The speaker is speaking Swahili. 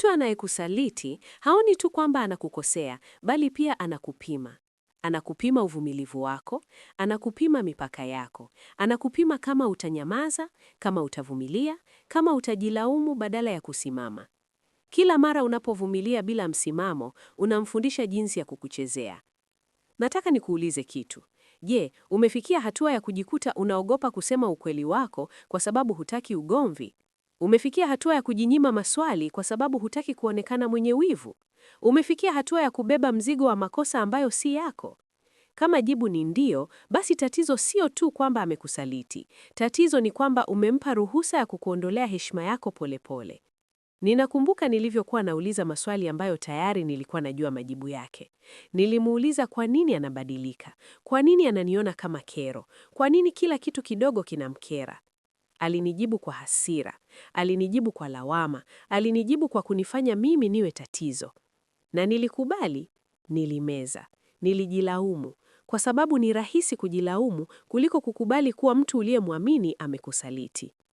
Mtu anayekusaliti haoni tu kwamba anakukosea, bali pia anakupima. Anakupima uvumilivu wako, anakupima mipaka yako, anakupima kama utanyamaza, kama utavumilia, kama utajilaumu badala ya kusimama. Kila mara unapovumilia bila msimamo, unamfundisha jinsi ya kukuchezea. Nataka nikuulize kitu. Je, umefikia hatua ya kujikuta unaogopa kusema ukweli wako kwa sababu hutaki ugomvi? Umefikia hatua ya kujinyima maswali kwa sababu hutaki kuonekana mwenye wivu. Umefikia hatua ya kubeba mzigo wa makosa ambayo si yako. Kama jibu ni ndio, basi tatizo sio tu kwamba amekusaliti. Tatizo ni kwamba umempa ruhusa ya kukuondolea heshima yako polepole pole. Ninakumbuka nilivyokuwa nauliza maswali ambayo tayari nilikuwa najua majibu yake. Nilimuuliza kwa nini anabadilika? Kwa nini ananiona kama kero? Kwa nini kila kitu kidogo kinamkera? Alinijibu kwa hasira, alinijibu kwa lawama, alinijibu kwa kunifanya mimi niwe tatizo. Na nilikubali, nilimeza, nilijilaumu, kwa sababu ni rahisi kujilaumu kuliko kukubali kuwa mtu uliyemwamini amekusaliti.